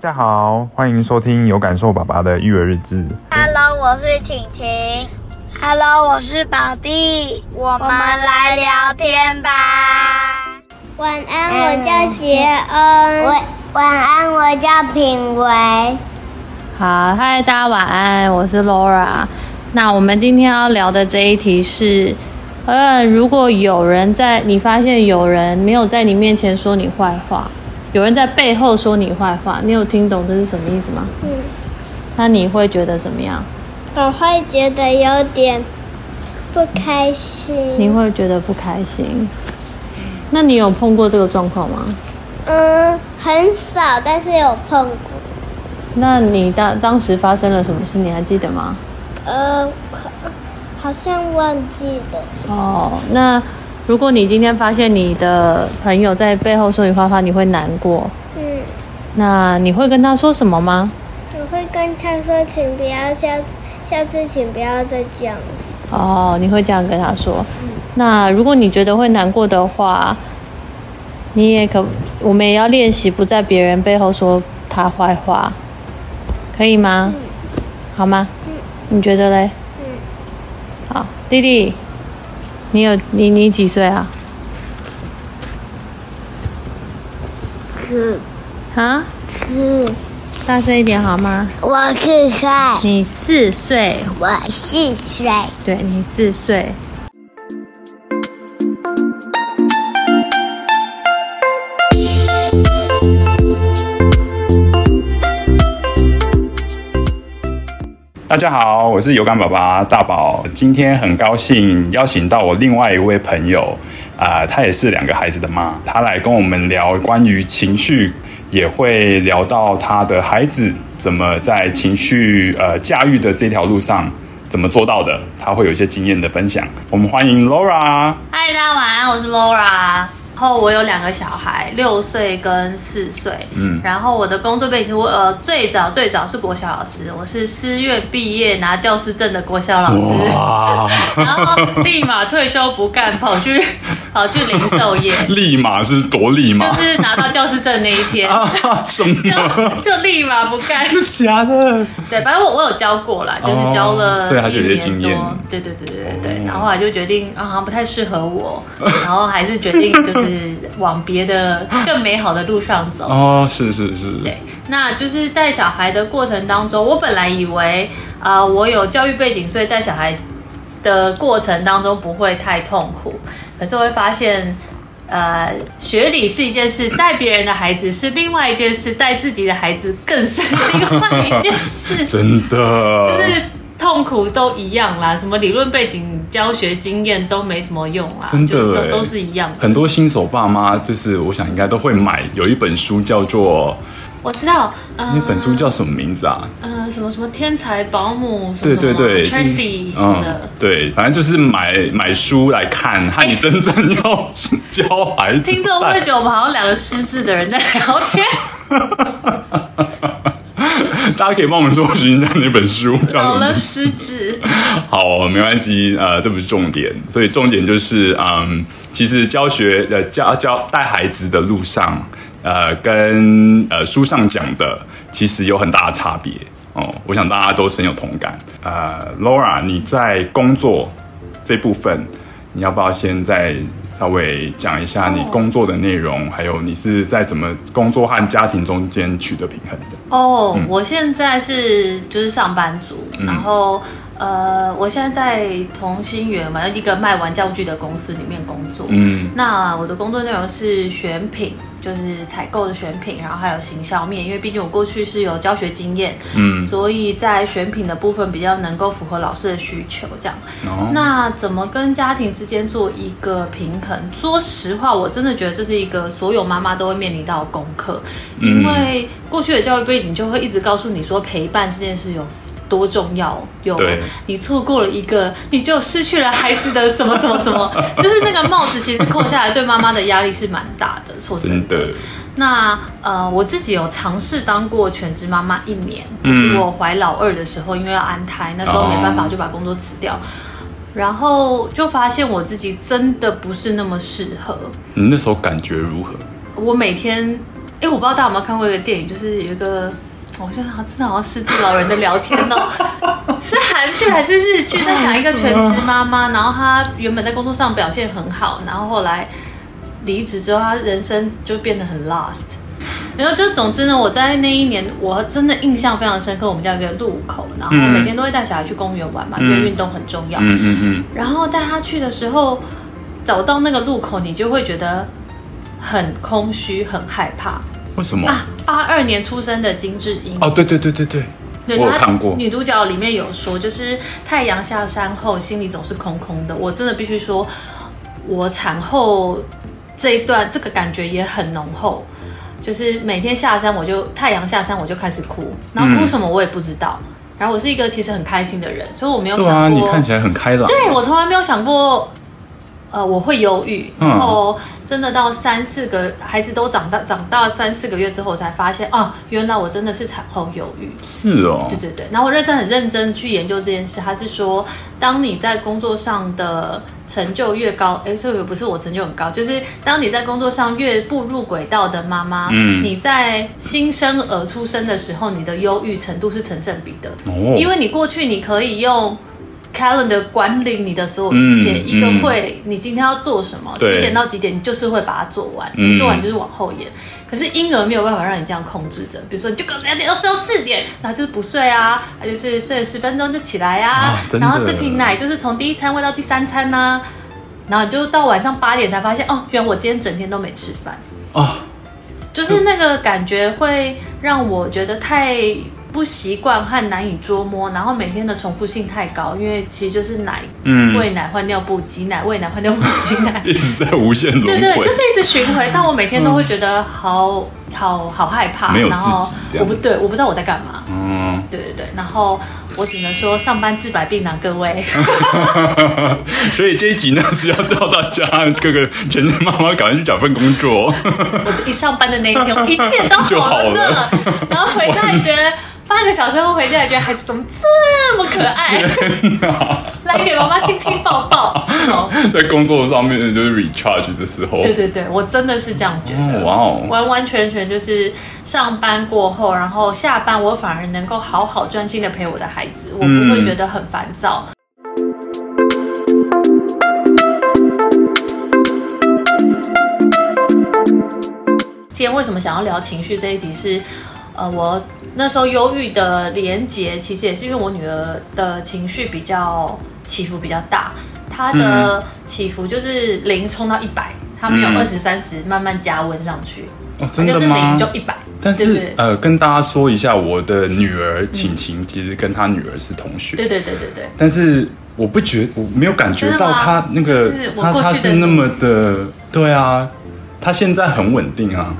大家好，歡迎收聽有感授把拔的育兒日誌。Hello，我是晴晴。Hello，我是寶弟。我們，我們來聊天吧。晚安，我叫傑恩、嗯。晚安，我叫品維。好嗨，Hi, 大家晚安，我是 Laura。那我們今天要聊的這一題是，嗯，如果有人在，你發現有人沒有在你面前說你壞話。有人在背後說你壞話，你有聽懂這是什麼意思嗎？嗯，那你會覺得怎麼樣？我會覺得有點不開心。你會覺得不開心？那你有碰過這個狀況嗎？嗯，很少，但是有碰過。那你當當時發生了什麼事？你還記得嗎？呃，好像忘記的。哦，那。如果你今天發現你的朋友在背後說你壞話，話，你會難過。嗯，那你會跟他說什麼嗎？我會跟他說，請不要下次，下次請不要再講。哦，你會這樣跟他說。嗯。那如果你覺得會難過的話，你也可，我們也要練習不在別人背後說他壞話，可以嗎？嗯。好嗎？嗯，你覺得嘞？嗯，好，弟弟。你有你你幾歲啊？四啊，四，大聲一點好嗎？我四歲。你四歲。我四歲。對，你四歲。大家好，我是有感爸爸大寶。今天很高興邀請到我另外一位朋友，啊、呃，她也是兩個孩子的媽，她來跟我們聊關於情緒，也會聊到她的孩子怎麼在情緒呃駕馭的這條路上怎麼做到的，她會有一些經驗的分享。我們歡迎 Laura。嗨，大家晚安，我是 Laura。然後我有兩個小孩，六歲跟四歲。嗯，然後我的工作背景是我呃最早最早是國小老師，我是師院畢業拿教師證的國小老師，然後立馬退休不幹，跑去跑去零售業，立馬是多立馬？就是拿到教師證那一天，啊，什麼？就，就立馬不幹？假的。對，反正我我有教過了，就是教了一年多，哦，所以還是有些經驗，對對對對對，對，哦。然後後來就決定啊，好像不太適合我，然後還是決定就是。是往別的更美好的路上走哦，是是是，對，那就是帶小孩的過程當中，我本來以為啊、呃，我有教育背景，所以帶小孩的過程當中不會太痛苦。可是我會發現、呃，學理是一件事，帶別人的孩子是另外一件事，帶自己的孩子更是另外一件事， 真的，就是。痛苦都一樣啦，什麼理論背景、教學經驗都沒什麼用啊，真的、欸就是、都，都是一樣。很多新手爸媽就是，我想應該都會買。有一本書叫做……我知道，那、呃、本書叫什麼名字啊？呃、什麼什麼天才保姆？什麼什麼對對對，Tracy。嗯，對，反正就是買買書來看，和你真正要、欸、教孩子。聽眾會覺得我們好像兩個失智的人在聊天。 大家可以幫我們搜尋一下那本書，少了失職。好，沒關係，呃，這不是重點。所以重點就是，嗯，其實教學呃教教帶孩子的路上，呃，跟呃書上講的其實有很大的差別哦、呃。我想大家都深有同感呃 Laura，你在工作這部分，你要不要先在？稍微講一下你工作的內容，oh。還有你是在怎麼工作和家庭中間取得平衡的？哦、oh, 嗯，我現在是就是上班族，嗯、然後。呃，我現在在童心園，反一個賣玩教具的公司裡面工作。嗯，那我的工作內容是選品，就是採購的選品，然後還有行銷面，因為畢竟我過去是有教學經驗，嗯，所以在選品的部分比較能夠符合老師的需求這樣。哦，那怎麼跟家庭之間做一個平衡？說實話，我真的覺得這是一個所有媽媽都會面臨到功課，因為過去的教育背景就會一直告訴你說陪伴這件事有。多重要有！有你錯過了一個，你就失去了孩子的什麼什麼什麼，就是那個帽子，其實扣下來對媽媽的壓力是蠻大的。說真的。真的。那呃，我自己有嘗試當過全職媽媽一年，就是我懷老二的時候，嗯、因為要安胎，那時候沒辦法就把工作辭掉、哦，然後就發現我自己真的不是那麼適合。你那時候感覺如何？我每天，哎，我不知道大家有沒有看過一個電影，就是有一個。我覺得好，真的好像失智老人的聊天哦，是韓劇還是日劇？在講一個全職媽媽，然後她原本在工作上表現很好，然後後來離職之後，她人生就變得很 lost。然後就總之呢，我在那一年我真的印象非常深刻。我們家一個路口，然後每天都會帶小孩去公園玩嘛，因為運動很重要。然後帶他去的時候，找到那個路口，你就會覺得很空虛，很害怕。為什麼啊？八二年出生的金智英哦，對對對對對，對我有看過。女主角裡面有說，就是太陽下山後，心裡總是空空的。我真的必須說，我產後這一段這個感覺也很濃厚。就是每天下山，我就太陽下山我就開始哭，然後哭什麼我也不知道。嗯。然後我是一個其實很開心的人，所以我沒有想過。對啊，你看起來很開朗耶。對我從來沒有想過。呃，我會憂鬱，然後真的到三四個孩子都長到，長到三四個月之後，我才發現啊，原來我真的是產後憂鬱。是哦。對對對，然後我認真，很認真去研究這件事，他是說，當你在工作上的成就越高，哎，所以不是我成就很高，就是當你在工作上越步入軌道的媽媽，嗯、你在新生兒出生的時候，你的憂鬱程度是成正比的，哦、因為你過去你可以用。Calendar 管理你的所有一切。一個會，你今天要做什麼？嗯嗯、幾點到幾點？你就是會把它做完，嗯、做完就是往後延。可是嬰兒沒有辦法讓你這樣控制着，比如說，你就兩點要睡到四點，然後就是不睡啊，然後就是睡了十分鐘就起來啊，啊然後這瓶奶就是從第一餐餵到第三餐吶、啊，然後就到晚上八點才發現，哦，原來我今天整天都沒吃飯哦、啊，就是那個感覺會讓我覺得太。不習慣和難以捉摸，然後每天的重複性太高，因為其實就是奶，嗯，餵奶換尿布擠奶餵奶換尿布擠奶，一直在無限對,對對，就是一直循環但、嗯、我每天都會覺得好、嗯、好好害怕，然後我不對，我不知道我在幹嘛。嗯，對對對。然後我只能說上班治百病吶，各位。 所以這一集呢是要教大家各個全職媽媽趕緊去找份工作。 我一上班的那一天，我一切都好,就好了。然後回到你覺得。八個小時後回家，覺得孩子怎麼這麼可愛？ 來給媽媽親親抱抱。 在工作上面就是 recharge 的時候。對對對，我真的是這樣覺得。哦、哇，完完全全就是上班過後，然後下班我反而能夠好好專心的陪我的孩子，我不會覺得很煩躁。嗯、今天為什麼想要聊情緒這一題是？呃，我那時候憂鬱的連結，其實也是因為我女兒的情緒比較起伏比較大，她的起伏就是零衝到一百、嗯，她沒有二十三十慢慢加溫上去、哦，真的嗎？就是零就一百，但是對對呃，跟大家說一下，我的女兒晴晴其實跟她女兒是同學，嗯、對，對對對對對。但是我不覺我沒有感覺到她，她那個、就是、她她是那麼的，對啊，她現在很穩定啊。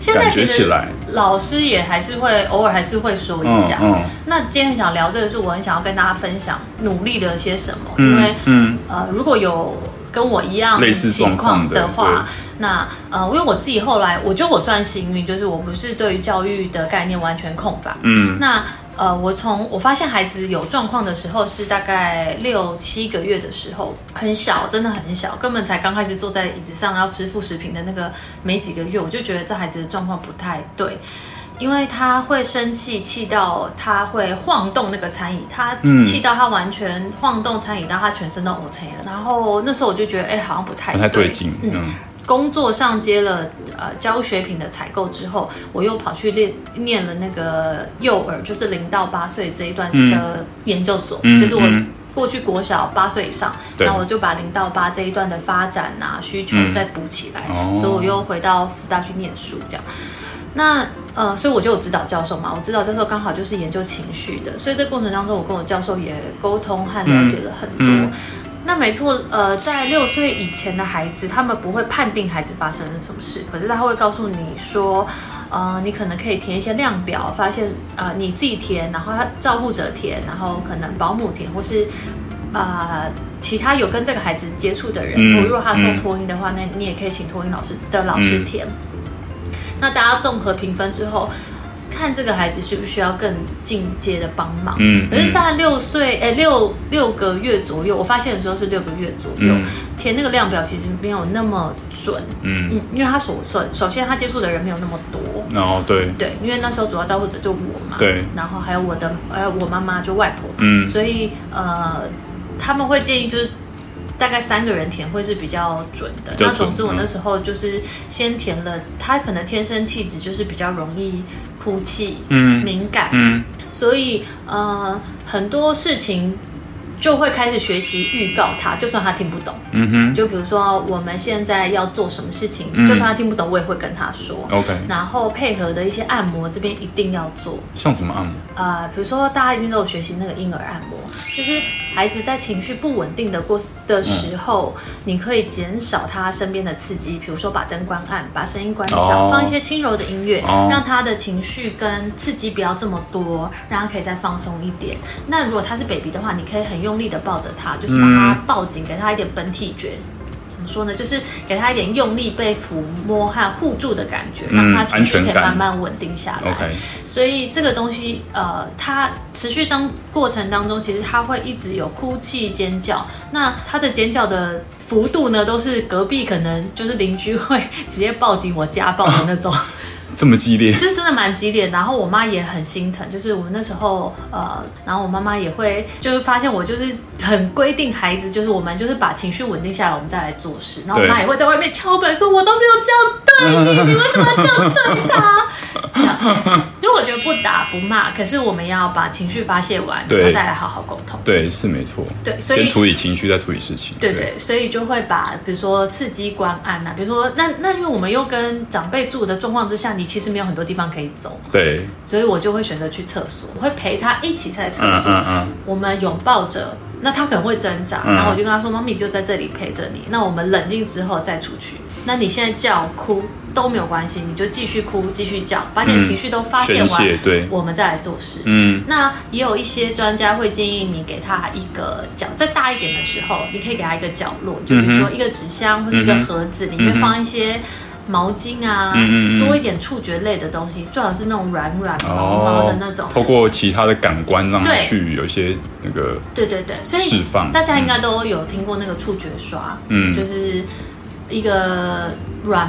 現在其實老師也還是會偶爾還是會說一下。哦哦、那今天很想聊這個是我很想要跟大家分享努力的些什麼，嗯、因為、嗯、呃，如果有跟我一樣類似情況的話，的那呃，因為我自己後來我覺得我算幸運，就是我不是對於教育的概念完全空白。嗯。那。呃，我從我發現孩子有狀況的時候是大概六七個月的時候，很小，真的很小，根本才剛開始坐在椅子上要吃副食品的那個沒幾個月，我就覺得這孩子的狀況不太對，因為他會生氣，氣到他會晃動那個餐椅，他氣到他完全晃動餐椅，到他全身都嘔起來了，然後那時候我就覺得，哎、欸，好像不太不太對勁，嗯。工作上接了呃教學品的採購之後，我又跑去練念了那個幼兒，就是零到八歲這一段的研究所、嗯，就是我過去國小八歲以上、嗯，那我就把零到八這一段的發展啊需求，再補起來、嗯，所以我又回到福大去念書這樣。那呃，所以我就有指導教授嘛，我指導教授剛好就是研究情緒的，所以這過程當中我跟我教授也溝通和了解了很多。嗯嗯那沒錯，呃，在六歲以前的孩子，他們不會判定孩子發生了什麼事，可是他會告訴你說，呃，你可能可以填一些量表，發現，呃，你自己填，然後他照顧者填，然後可能保姆填，或是，啊、呃，其他有跟這個孩子接觸的人，如果他送托嬰的話，那你也可以請托嬰老師的老師填。那大家綜合評分之後。看這個孩子需不需要更進階的幫忙。嗯，嗯，可是大概六歲，哎、欸，六六個月左右，我發現的時候是六個月左右，嗯，填那個量表，其實沒有那麼準。嗯，因為他所首首先他接觸的人沒有那麼多。哦，對。對，因為那時候主要照顧者就我嘛。對。然後還有我的，呃，我媽媽就外婆。嗯。所以呃，他們會建議就是。大概三個人填會是比較準的。那總之我那時候就是先填了，嗯、他可能天生氣質就是比較容易哭泣，嗯、敏感，嗯、所以，呃、很多事情就會開始學習預告他，就算他聽不懂，嗯哼。就比如說我們現在要做什麼事情，就算他聽不懂，我也會跟他說，嗯、然後配合的一些按摩這邊一定要做。像什麼按摩？呃，比如說大家一定都有學習那個嬰兒按摩，就是。孩子在情緒不穩定的過的時候、嗯，你可以減少他身邊的刺激，比如說把燈關暗，把聲音關小、哦，放一些輕柔的音樂、哦，讓他的情緒跟刺激不要這麼多，讓他可以再放鬆一點。那如果他是 baby 的話，你可以很用力的抱着他，就是把他抱緊，嗯、給他一點本體覺。怎麼說呢？就是給他一點用力被撫摸和護住的感覺，讓他情緒可以慢慢穩定下來。嗯 okay. 所以這個東西，呃，他持續當過程當中，其實他會一直有哭泣尖叫。那他的尖叫的幅度呢，都是隔壁可能就是鄰居會直接報警我家暴的那種。啊。這麼激烈，就是真的蠻激烈。然後我媽也很心疼，就是我們那時候，呃，然後我媽媽也會就是發現我就是很規定孩子，就是我們就是把情緒穩定下來，我們再來做事。然後我媽也會在外面敲門說：“我都沒有這樣對你，你為什麼要這樣對她？”如果覺得不打不罵，可是我們要把情緒發洩完，對，然後再來好好溝通。對，是沒錯。對，所以先處理情緒，再處理事情。對，對對，所以就會把，比如說刺激，關案啊，比如說那那，那因為我們又跟長輩住的狀況之下，你其實沒有很多地方可以走。對，所以我就會選擇去廁所，我會陪他一起在廁所，嗯嗯嗯，我們擁抱着。那他可能會掙扎，然後我就跟他說：“嗯、媽咪就在這裡陪着你。那我們冷靜之後再出去。那你現在叫哭都沒有關係，你就繼續哭，繼續叫，把你的情緒都發洩完，對，我們再來做事。嗯，那也有一些專家會建議你給他一個角，再大一點的時候，你可以給他一個角落，就比如說一個紙箱或者一個盒子，裡面放一些。”毛巾啊，嗯嗯嗯，多一點觸覺類的東西，最好是那種軟軟毛毛的那種、哦。透過其他的感官讓他去有一些那個釋放。對，對對對，所以大家應該都有聽過那個觸覺刷，嗯，就是一個軟。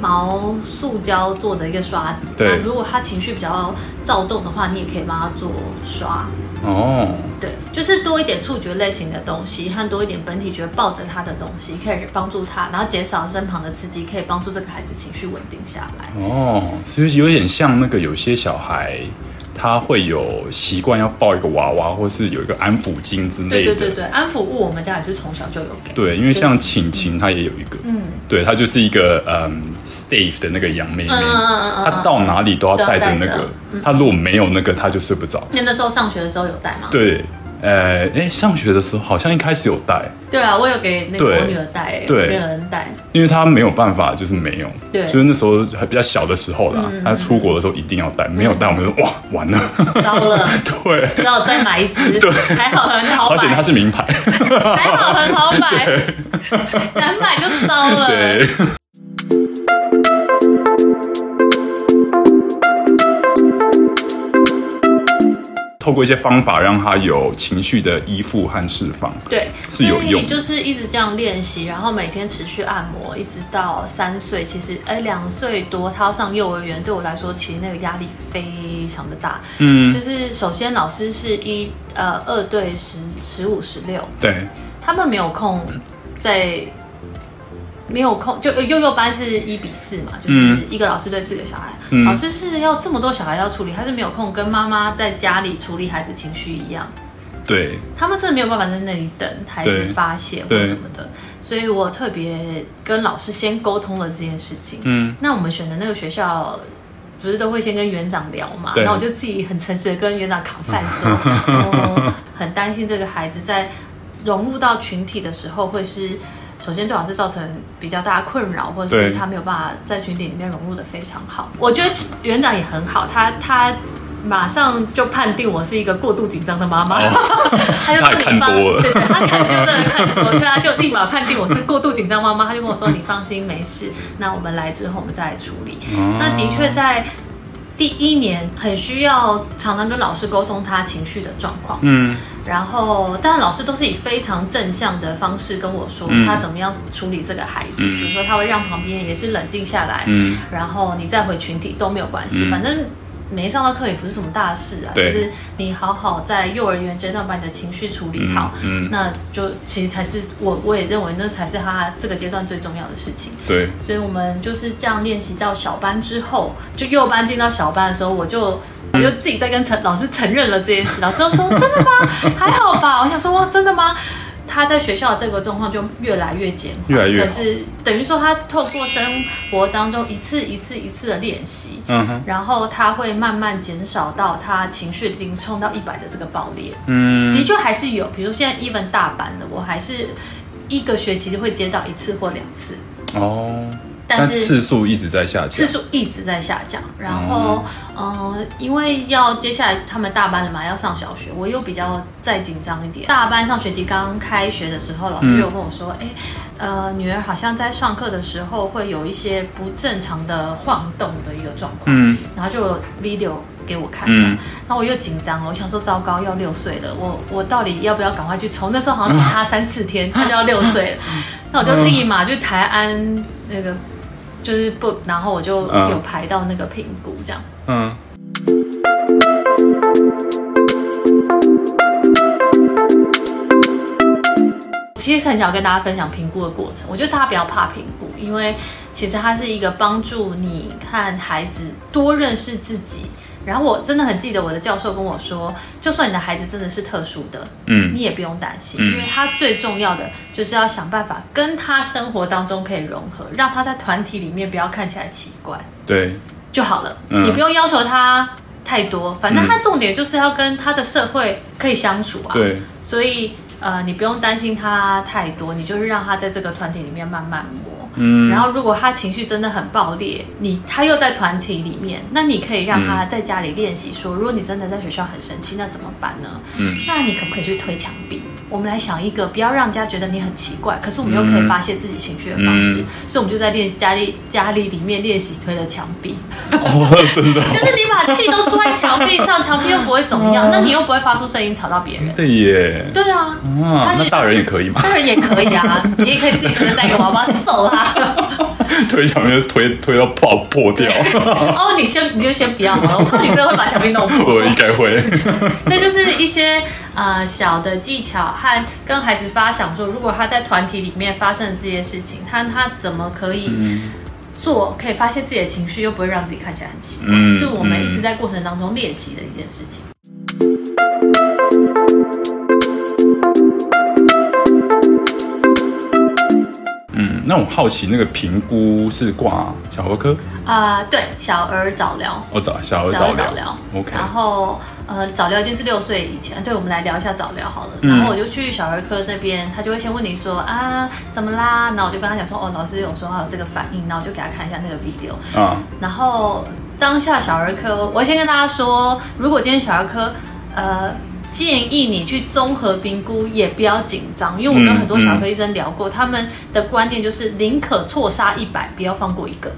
毛塑膠做的一個刷子，對。那如果他情緒比較躁動的話，你也可以幫他做刷。哦，對，就是多一點觸覺類型的東西，和多一點本體覺抱着他的東西，可以幫助他，然後減少身旁的刺激，可以幫助這個孩子情緒穩定下來。哦，其實有點像那個有些小孩。他會有習慣要抱一個娃娃，或是有一個安撫巾之類的。對對對，對，安撫物我們家也是從小就有的。對，因為像晴晴她也有一個，嗯，對她就是一個嗯，stave 的那個羊妹妹，她、嗯啊啊啊啊啊啊啊、到哪裡都要帶着那個，她、嗯啊、如果沒有那個，她就睡不着。那、嗯、那時候上學的時候有帶嗎？對。呃，哎，上學的時候好像一開始有帶。對啊，我有給那個我女兒帶、欸，對，沒有人帶。因為她沒有辦法，就是沒有。對，所以那時候還比較小的時候啦。她、嗯嗯、出國的時候一定要帶，沒有帶，我們就哇，完了，糟了。 對，只好再買一支。對，還好很好買。好像他是名牌， 還好很好買，難買就糟了。對。透過一些方法讓他有情緒的依附和釋放，對，是有用。就是一直這樣練習，然後每天持續按摩，一直到三歲。其實，哎、欸，兩歲多他要上幼兒園，對我來說其實那個壓力非常的大。嗯，就是首先老師是一呃二對十十五十六，15, 16，對，他們沒有空在。沒有空，就幼幼班是一比四嘛，就是一個老師對四個小孩，嗯、老師是要這麼多小孩要處理，他是沒有空跟媽媽在家裡處理孩子情緒一樣，對，他們真的沒有辦法在那裡等孩子發洩或什麼的，所以我特別跟老師先溝通了這件事情，嗯，那我們選的那個學校，不是都會先跟園長聊嘛，那我就自己很誠實的跟園長扛飯說， 很擔心這個孩子在融入到群體的時候會是。首先，最好是造成比較大的困擾，或者是他沒有辦法在群體裡面融入的非常好。我覺得園長也很好，他他馬上就判定我是一個過度緊張的媽媽、哦， 他就說你幫，他看就真的看多所以他就立馬判定我是過度緊張媽媽，他就跟我說 你放心沒事，那我們來之後我們再來處理。嗯、那的確在。第一年很需要常常跟老師溝通他情緒的狀況，嗯，然後當然老師都是以非常正向的方式跟我說他怎麼樣處理這個孩子，嗯，比如說他會讓旁邊也是冷靜下來，嗯，然後你再回群體都沒有關係，嗯，反正。沒上到課也不是什麼大事啊，就是你好好在幼兒園階段把你的情緒處理好，嗯，嗯那就其實才是我我也認為那才是他這個階段最重要的事情。對，所以我們就是這樣練習到小班之後，就幼班進到小班的時候，我就、嗯、我就自己在跟陳老師承認了這件事，老師又說真的嗎？還好吧，我想說哇，真的嗎？他在學校的這個狀況就越來越減，越來越好。可是等於說，他透過生活當中一次一次一次的練習，uh -huh. 然後他會慢慢減少到他情緒已經衝到一百的這個爆裂。嗯，的確還是有，比如說現在 even 大班的，我還是一個學期會接到一次或兩次。哦、oh.。但是，但次數一直在下降，次數一直在下降。然後，嗯、呃，因為要接下來他們大班了嘛，要上小學，我又比較再緊張一點。大班上學期剛開學的時候，老師有、嗯、跟我說，哎、欸，呃，女兒好像在上課的時候會有一些不正常的晃動的一個狀況，嗯，然後就 video 給我看，嗯，那我又緊張了，我想說，糟糕，要六歲了，我我到底要不要趕快去從，那時候好像只差三四天，啊、他就要六歲了、啊嗯，那我就立馬去台安那個。就是不，然後我就有排到那個評估這樣。嗯。其實很想跟大家分享評估的過程，我覺得大家不要怕評估，因為其實它是一個幫助你看孩子多認識自己。然後我真的很記得我的教授跟我說，就算你的孩子真的是特殊的，嗯，你也不用擔心，嗯，因為他最重要的就是要想辦法跟他生活當中可以融合，讓他在團體裡面不要看起來奇怪，對，就好了，嗯，你不用要求他太多，反正他重點就是要跟他的社會可以相處啊，對，所以呃，你不用擔心他太多，你就是讓他在這個團體裡面慢慢摸。嗯，然後如果他情緒真的很爆裂，你他又在團體裡面，那你可以讓他在家裡練習說，如果你真的在學校很生氣，那怎麼辦呢？嗯，那你可不可以去推牆壁？我們來想一個，不要讓人家覺得你很奇怪，可是我們又可以發洩自己情緒的方式，所、嗯、以我們就在練家裡家裡裡面練習推了牆壁。哦、真的、哦？ 就是你把氣都出在牆壁上，牆壁又不會怎麼樣，哦，那你又不會發出聲音吵到別人。對耶。對啊。嗯啊。他就是、那大人也可以嗎？大人也可以啊， 你也可以自己盡情的帶個娃娃走啊。推牆壁推推到爆破，破掉。哦，你先你就先不要嘛，我怕你真的會把牆壁弄破。我應該會。這就是一些。呃，小的技巧和跟孩子發想說，如果他在團體裡面發生這些事情，他他怎麼可以做，可以發泄自己的情緒，又不會讓自己看起來很奇怪。嗯，是我們一直在過程當中練習的一件事情。那我好奇，那個評估是掛小兒科啊、呃？對，小兒早療。我、哦、早，小兒早療、OK。然後呃，早療已經是六歲以前。對，我們來聊一下早療好了。然後我就去小兒科那邊，他就會先問你說啊，怎麼啦？然後我就跟他講說，哦，老師，有說話有這個反應。然後我就給他看一下那個 video 啊。然後當下小兒科，我先跟大家說，如果今天小兒科，呃。建議你去綜合評估，也不要緊張，因為我跟很多小科醫生聊過，嗯嗯、他們的觀念就是寧可錯殺一百，不要放過一個。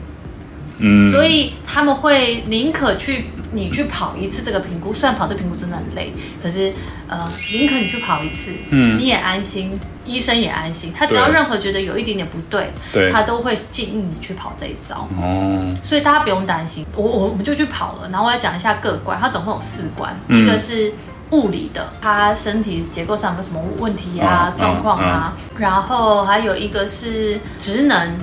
嗯，所以他們會寧可去你去跑一次這個評估，雖然跑這評估真的很累，可是呃，寧可你去跑一次、嗯，你也安心，醫生也安心。他只要任何覺得有一點點不對，對，他都會建議你去跑這一招。哦，所以大家不用擔心，我我我們就去跑了。然後我來講一下各關，它總共有四關，嗯、一個是。物理的，他身體結構上有沒有什麼問題啊、啊狀況啊，啊，啊？然後還有一個是職能，職能，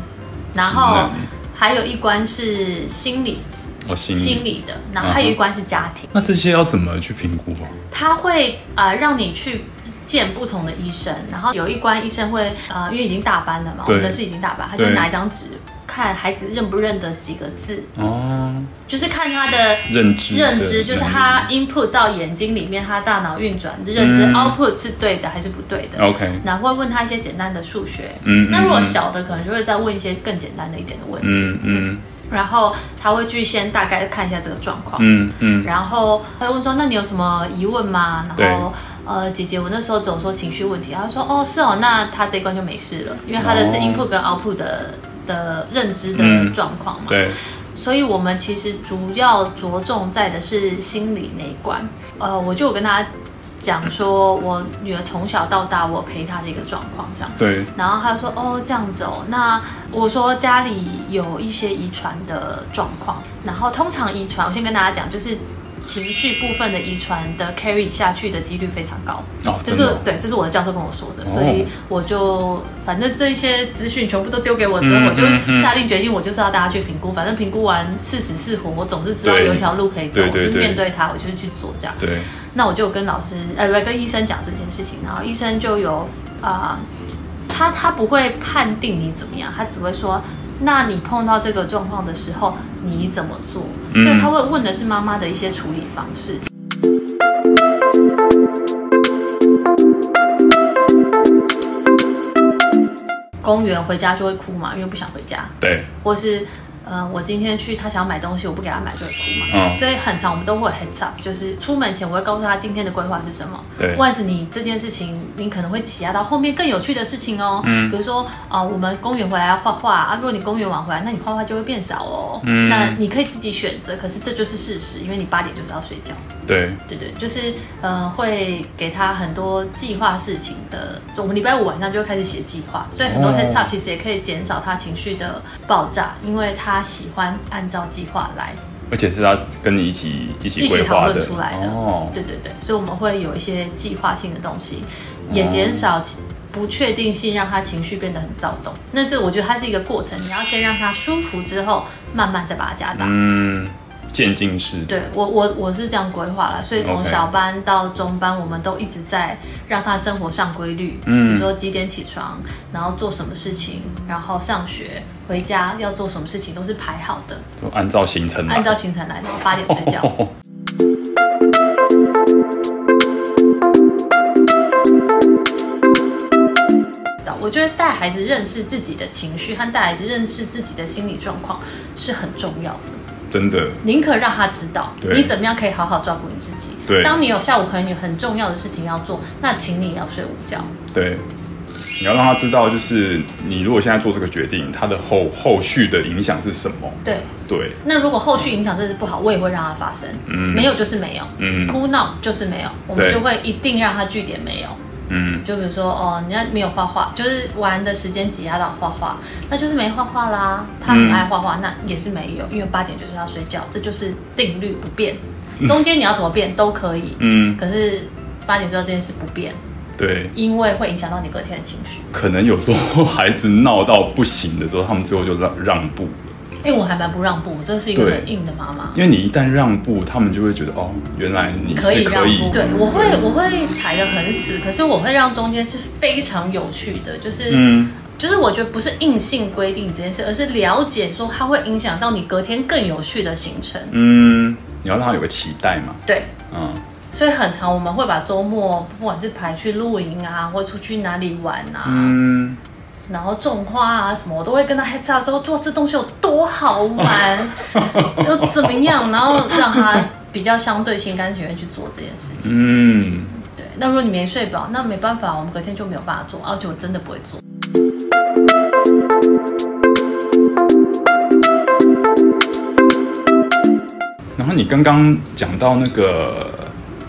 然後還有一關是心理、哦、心理，心理的，然後還有一關是家庭。啊、那這些要怎麼去評估啊？他會呃讓你去見不同的醫生，然後有一關醫生會呃因為已經大班了嘛，我覺得是已經大班，他就會拿一張紙。看孩子認不認得幾個字哦、啊，就是看他的認知，認知就是他 input 到眼睛裡面，他大腦運轉的認知 output 是對的還是不對的？OK、嗯、然後會問他一些簡單的數學嗯。嗯，那如果小的、嗯、可能就會再問一些更簡單的一點的問題。嗯，嗯然後他會去先大概看一下這個狀況。嗯嗯，然後他會問說：“那你有什麼疑問嗎？”然後呃，姐姐，我那時候總說情緒問題，他說：“哦，是哦，那他這一關就沒事了，因為他的是 input 跟 output 的。”的認知的狀況嘛，嗯，對，所以我們其實主要着重在的是心理那一關。呃，我就有跟他講說，我女兒從小到大我陪她的一個狀況這樣，對。然後他說，哦，這樣子哦，那我說家裡有一些遺傳的狀況，然後通常遺傳我先跟大家講就是。情緒部分的遺傳的 carry 下去的幾率非常高，哦、這是對，這是我的教授跟我說的，哦、所以我就反正這些資訊全部都丟給我之後、嗯，我就下定決心、嗯嗯，我就是要大家去評估，反正評估完是死是活，我總是知道有一條路可以走，我就是面對他，我就是去做這樣。對，對，那我就跟老師，呃，不跟醫生講這件事情，然後醫生就有啊、呃，他他不會判定你怎麼樣，他只會說。那你碰到這個狀況的時候，你怎麼做？嗯、所以他會問的是媽媽的一些處理方式。公園回家就會哭嘛，因為不想回家。對，或是。嗯、呃，我今天去，他想要買東西，我不給他買，就會哭嘛。嗯、oh.，所以很常，我們都會很常。就是出門前，我會告訴他今天的規劃是什麼。對，萬是你這件事情，你可能會擠壓到後面更有趣的事情哦。嗯，比如說啊、呃，我們公園回來要畫畫啊，如果你公園晚回來，那你畫畫就會變少哦。嗯，那你可以自己選擇，可是這就是事實，因為你八點就是要睡覺。對對對，就是呃，會給他很多計劃事情的。就我們禮拜五晚上就會開始寫計劃，所以很多 heads up 其實也可以減少他情緒的爆炸，因為他喜歡按照計劃來，而且是他跟你一起一起規劃一起討論出來的。哦，對對對，所以我們會有一些計劃性的東西，也減少不確定性，讓他情緒變得很躁動。嗯。那這我覺得它是一個過程，你要先讓他舒服，之後慢慢再把它加大。嗯。漸進式對，對我我我是這樣規劃啦，所以從小班到中班，okay. 我們都一直在讓他生活上規律，嗯，比如說幾點起床，然後做什麼事情，然後上學回家要做什麼事情，都是排好的，就按照行程來，按照行程來，然後八點睡覺。Oh oh oh. 我覺得帶孩子認識自己的情緒和帶孩子認識自己的心理狀況是很重要的。真的，寧可讓他知道你怎麼樣可以好好照顧你自己。對，當你有下午很很重要的事情要做，那請你也要睡午覺。對，你要讓他知道，就是你如果現在做這個決定，他的後後續的影響是什麼？對對。那如果後續影響真的不好，我也會讓他發生。嗯，沒有就是沒有，嗯、哭鬧就是沒有，我們就會一定讓他句點沒有。嗯，就比如說哦，人家沒有畫畫，就是玩的時間擠壓到畫畫，那就是沒畫畫啦。他很愛畫畫，嗯，那也是沒有，因為八點就是要睡覺，這就是定律不變。中間你要怎麼變都可以，嗯。可是八點之後這件事不變，對，因為會影響到你隔天的情緒。可能有時候孩子鬧到不行的時候，他們最後就讓讓步。因為我還蠻不讓步，這是一個很硬的媽媽。因為你一旦讓步，他們就會覺得哦，原來你是可以。可以讓步對，我會我會踩得很死，可是我會讓中間是非常有趣的，就是、嗯、就是我覺得不是硬性規定這件事，而是了解說它會影響到你隔天更有趣的行程。嗯，你要讓他有個期待嘛。對，嗯。所以很常我們會把周末不管是排去露營啊，或出去哪裡玩啊。嗯。然後種花啊什麼，我都會跟他 hassle 之後，哇，這東西有多好玩，都 怎麼樣？然後讓他比較相對心甘情願去做這件事情。嗯，對。那如果你沒睡飽，那沒辦法，我們隔天就沒有辦法做，而且我真的不會做。然後你剛剛講到那個。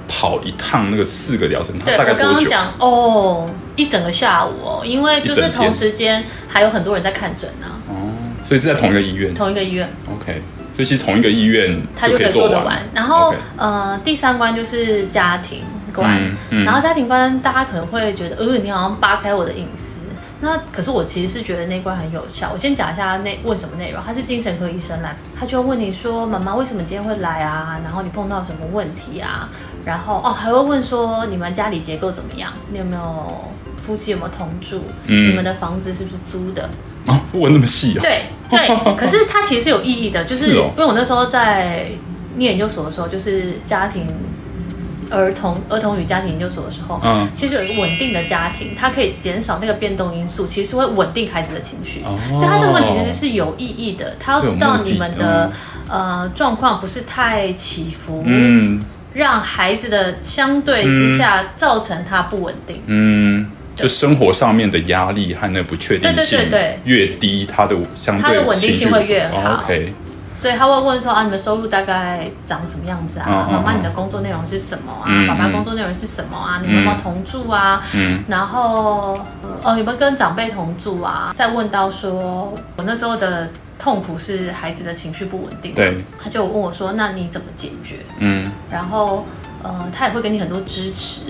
跑一趟那個四個療程，他大概多久？對我剛剛講哦，一整個下午哦，因為就是同時間還有很多人在看診呢、啊。哦，所以是在同一個醫院。同一個醫院。OK，所以是同一個醫院就他就可以做得完。然後、okay、呃，第三關就是家庭關，嗯嗯、然後家庭關大家可能會覺得，呃，你好像扒開我的隱私。那可是我其實是覺得那關很有效。我先講一下那問什麼內容，他是精神科醫生來，他就會問你說：“媽媽為什麼今天會來啊？”然後你碰到什麼問題啊？然後哦還會問說，你們家裡結構怎麼樣？你有沒有夫妻有沒有同住，嗯？你們的房子是不是租的？啊，問那麼細啊？對對， 可是他其實是有意義的，就是，是哦？因為我那時候在念研究所的時候，就是家庭。兒童兒童與家庭研究所的時候，嗯，其實有一個穩定的家庭，它可以減少那個變動因素，其實會穩定孩子的情緒。哦，所以，他這個問題其實是有意義的。他要知道你們的，的、嗯、呃狀況不是太起伏，嗯，讓孩子的相對之下，嗯，造成他不穩定。嗯，就生活上面的壓力和那不確定性，對對對對對，越低，他的相對的穩定性會越好。哦 okay 所以他會問說啊，你們收入大概長什麼樣子啊？媽媽，你的工作內容是什麼啊？爸爸工作內容是什麼啊？你有沒有同住啊？然後哦，有沒有跟長輩同住啊？再問到說，我那時候的痛苦是孩子的情緒不穩定。對。他就問我說，那你怎麼解決？嗯。然後呃，他也會給你很多支持。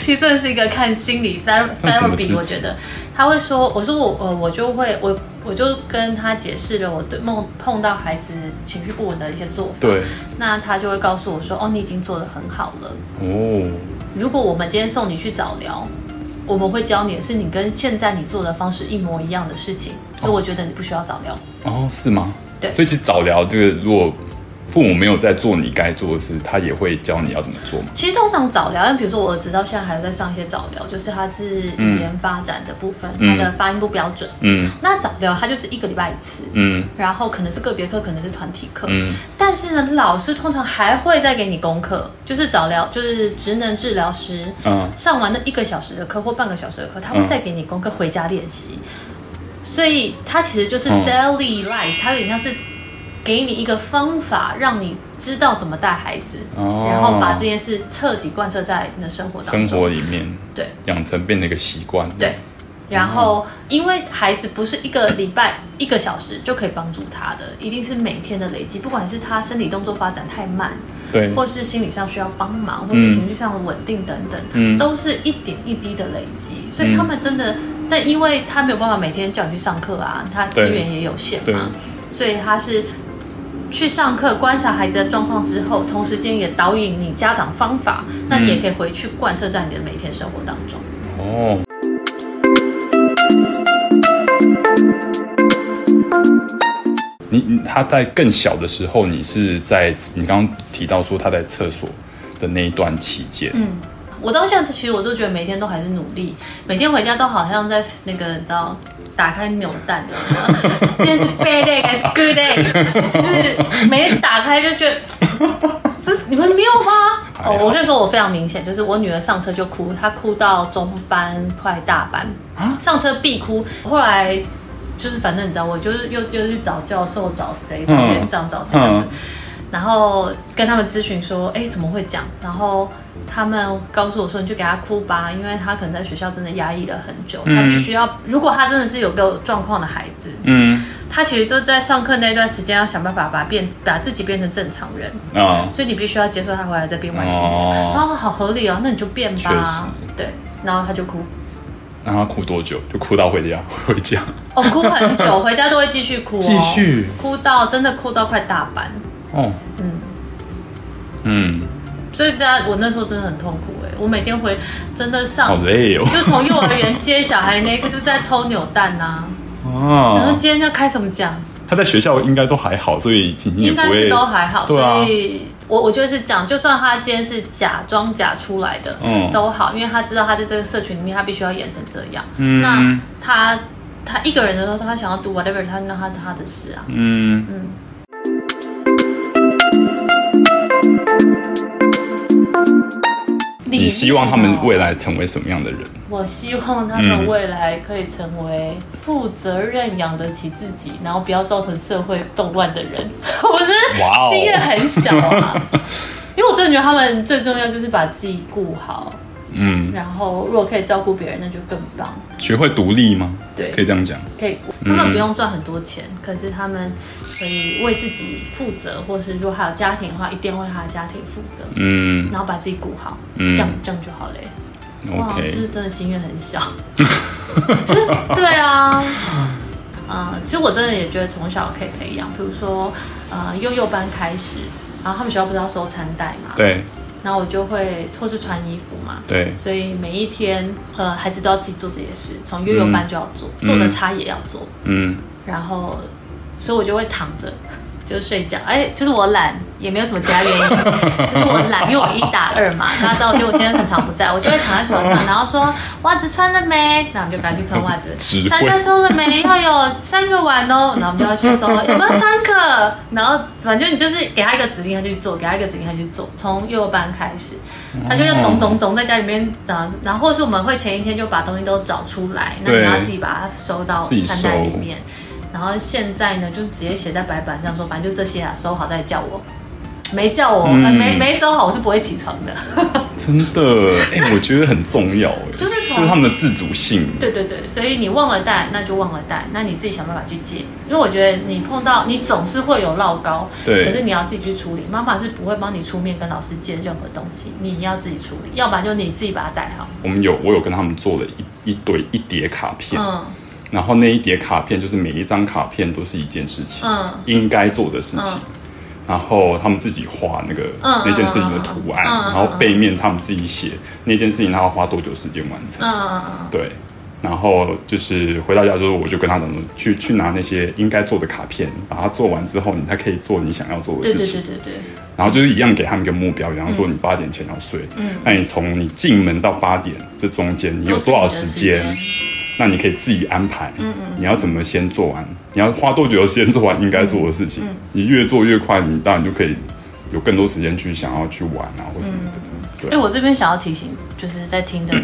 其實這是一個看心理翻翻比，我覺得。他會說，我說我呃，我就會我。我就跟他解釋了我對夢碰到孩子情緒不穩的一些做法。對，那他就會告訴我說：“哦，你已經做得很好了。”哦，如果我們今天送你去早療，我們會教你的是你跟現在你做的方式一模一樣的事情，哦、所以我覺得你不需要早療。哦，是嗎？對。所以其實早療這個如果。父母沒有在做你該做的事，他也會教你要怎麼做嗎？其實通常早療，比如說我兒子到現在還在上一些早療，就是他是語言發展的部分，嗯、他的發音不標準。嗯，那早療他就是一個禮拜一次。嗯，然後可能是個別課，可能是團體課。嗯、但是呢，老師通常還會再給你功課，就是早療，就是職能治療師。嗯、上完那一個小時的課或半個小時的課，他會再給你功課、嗯、回家練習。所以它其實就是 daily life，、right, 它、嗯、有點像是。給你一個方法，讓你知道怎麼帶孩子，oh. 然後把這件事徹底貫徹在你的生活當中生活裡面，對，養成變成一個習慣。對，然後、嗯、因為孩子不是一個禮拜一個小時就可以幫助他的，一定是每天的累積。不管是他身體動作發展太慢，對，或是心理上需要幫忙，或是情緒上的穩定等等、嗯，都是一點一滴的累積。所以他們真的、嗯，但因為他沒有辦法每天叫你去上課啊，他資源也有限嘛，對，對，所以他是。去上課觀察孩子的狀況之後，同時間也導引你家長方法，那你也可以回去貫徹在你的每一天生活當中。嗯、哦，你他在更小的時候，你是在你剛剛提到說他在廁所的那一段期間，嗯，我到現在其實我都覺得每天都還是努力，每天回家都好像在那個你知道，打開扭蛋的，今天是 bad day 還是 good day，就是每天打開就覺得， 這你們沒有嗎？哦、 oh,，我跟你說，我非常明顯，就是我女兒上車就哭，她哭到中班快大班，上車必哭。後來就是反正你知道，我就是又又去找教授，找誰，這樣找院長，找、嗯、誰。嗯然後跟他們諮詢說，哎，怎麼會講？然後他們告訴我說，你就給他哭吧，因為他可能在學校真的壓抑了很久，嗯、他必須要，如果他真的是有個有狀況的孩子，嗯，他其實就在上課那段時間要想辦法把變把自己變成正常人啊，哦，所以你必須要接受他回來再變外星人，然後好合理哦，那你就變吧，對，然後他就哭，然後他哭多久？就哭到回家，回家哦，哭很久， 回家都會繼續哭，哦，繼續哭到真的哭到快大班。哦、oh. 嗯，嗯嗯，所以大家，我那時候真的很痛苦哎、欸，我每天回真的上好累哦，就從幼兒園接 小孩那一個就是在抽扭蛋吶、啊，哦、oh.，然後今天要開什麼獎？他在學校應該都還好，所以今天也應該是都還好，啊、所以我我覺得是講，就算他今天是假裝假出來的，嗯、oh.，都好，因為他知道他在這個社群裡面，他必須要演成這樣，嗯，那他他一個人的時候，他想要讀，whatever 他那他他的事啊，嗯嗯。你希望他們未來成為什麼樣的人？我希望他們未來可以成為負責任、養得起自己，然後不要造成社會動亂的人。 我真的心願很小啊，因為我真的覺得他們最重要就是把自己顧好。嗯，然後如果可以照顧別人，那就更棒。學會獨立嗎？對，可以這樣講。可以，他們不用賺很多錢，嗯，可是他們可以為自己負責，或是如果還有家庭的話，一定要為他的家庭負責。嗯，然後把自己顧好，嗯，這樣這樣就好嘞，欸 okay。哇，這是，是真的心願很小， 就是。對啊，啊、呃，其實我真的也覺得從小可以培養，比如說，呃，幼幼班開始，然後他們學校不是要收餐袋嘛。對。那我就會或是穿衣服嘛，對，所以每一天呃，孩子都要自己做這些事，從幼幼班就要做，嗯，做的差也要做，嗯，然後，所以我就會躺着。就睡覺，哎、欸，就是我懶，也沒有什麼其他原因， 就是我懶，因為我一打二嘛，大家知道，就我今天很常不在，我就會躺在床上，然後說，襪子穿了沒？那我們就趕緊去穿襪子。餐具收了沒？要有三個碗哦，然後我們就要去收，有沒有三個？然後反正你就是給他一個指令，他就去做；給他一個指令，他就去做。從幼兒班開始，他就要總總總在家裡面，然後然後或是我們會前一天就把東西都找出來，那你要自己把它收到餐袋裡面。然後現在呢，就是直接寫在白板上說，反正就這些啊，收好再叫我。沒叫我，嗯呃、沒沒收好，我是不會起床的。 真的，哎、欸，我覺得很重要。哎、 就是，就是就是他們的自主性。對對對，所以你忘了帶，那就忘了帶，那你自己想辦法去借。因為我覺得你碰到你總是會有落高，對，可是你要自己去處理。媽媽是不會幫你出面跟老師借任何東西，你要自己處理。要不然就你自己把它帶好。我們有，我有跟他們做了一一堆一疊卡片。嗯。然後那一疊卡片就是每一張卡片都是一件事情，嗯、應該做的事情。嗯、然後他們自己畫那個、嗯、那件事情的圖案、嗯，然後背面他們自己寫、嗯、那件事情他要花多久時間完成。嗯、對。然後就是回到家之後，我就跟他講、嗯，去去拿那些應該做的卡片，把它做完之後，你才可以做你想要做的事情。對對,對對對對對。然後就是一樣給他們一個目標，比方說你八點前要睡，那、嗯、你從你進門到八點這中間你有多少時間？那你可以自己安排，嗯嗯，你要怎麼先做完，嗯、你要花多久時間做完應該做的事情、嗯嗯。你越做越快，你當然就可以有更多時間去想要去玩啊，或什麼的。嗯、對。哎，我這邊想要提醒，就是在聽的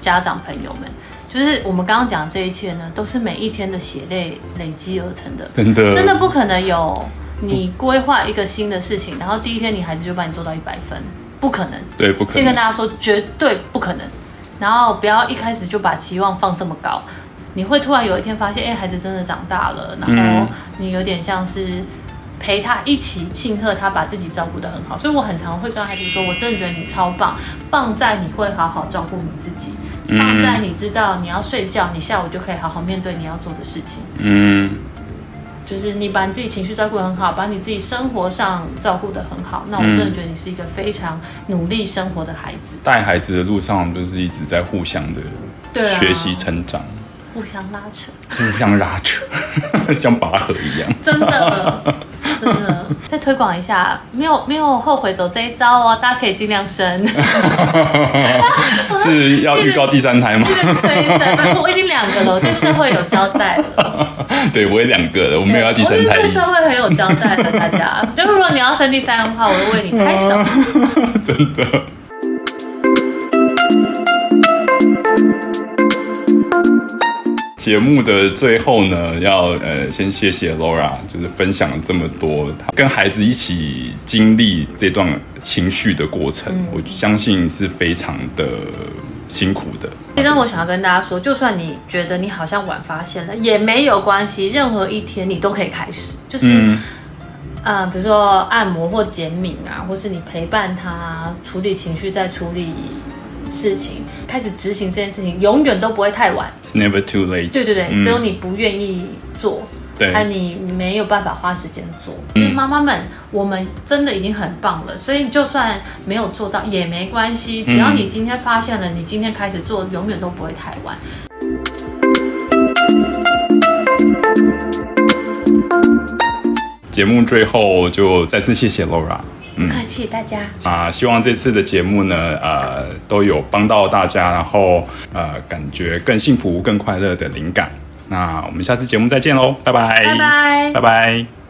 家長朋友們，咳咳，就是我們剛剛講這一切呢，都是每一天的血淚累積而成的。真的，真的不可能有你規劃一個新的事情，然後第一天你孩子就幫你做到一百分，不可能。對，不可能。先跟大家說，絕對不可能。然後不要一開始就把期望放這麼高，你會突然有一天發現，哎，孩子真的長大了。然後你有點像是陪他一起慶賀他把自己照顧得很好。所以我很常會跟孩子說，我真的覺得你超棒，棒在你會好好照顧你自己，棒在你知道你要睡覺，你下午就可以好好面對你要做的事情。嗯。就是你把你自己情緒照顧得很好，把你自己生活上照顧得很好，那我真的覺得你是一個非常努力生活的孩子。嗯、帶孩子的路上，我們就是一直在互相的，學習成長，對啊，互相拉扯，互相拉扯，就是像拉扯， 像拔河一樣，真的。真的，再推廣一下，沒有沒有後悔走這一招哦，大家可以盡量生。 是要預告第三胎嗎？對對，我已經兩個了，我對社會有交代了。對，我也兩個了，我沒有要第三胎。對，我對社會很有交代的，大家， 就是說你要生第三的話，我就為你拍手，啊，真的。節目的最後呢，要呃先謝謝 Laura，就是分享這麼多，跟孩子一起經歷這段情緒的過程，嗯、我相信是非常的辛苦的。那我想要跟大家說，就算你覺得你好像晚發現了，也沒有關係，任何一天你都可以開始，就是、嗯呃、比如說按摩或減敏啊，或是你陪伴他處理情緒，再處理。事情開始執行這件事情，永遠都不會太晚。It's never too late。對對對、嗯，只有你不願意做，對，還有你沒有辦法花時間做、嗯。所以媽媽們，我們真的已經很棒了。所以就算沒有做到也沒關係，只要你今天發現了，嗯、你今天開始做，永遠都不會太晚。節目最後就再次謝謝 l u r a 嗯、不客氣，大家啊，希望這次的節目呢，呃，都有幫到大家，然後呃，感覺更幸福、更快樂的靈感。那我們下次節目再見嘍，拜拜，拜拜，拜拜。拜拜。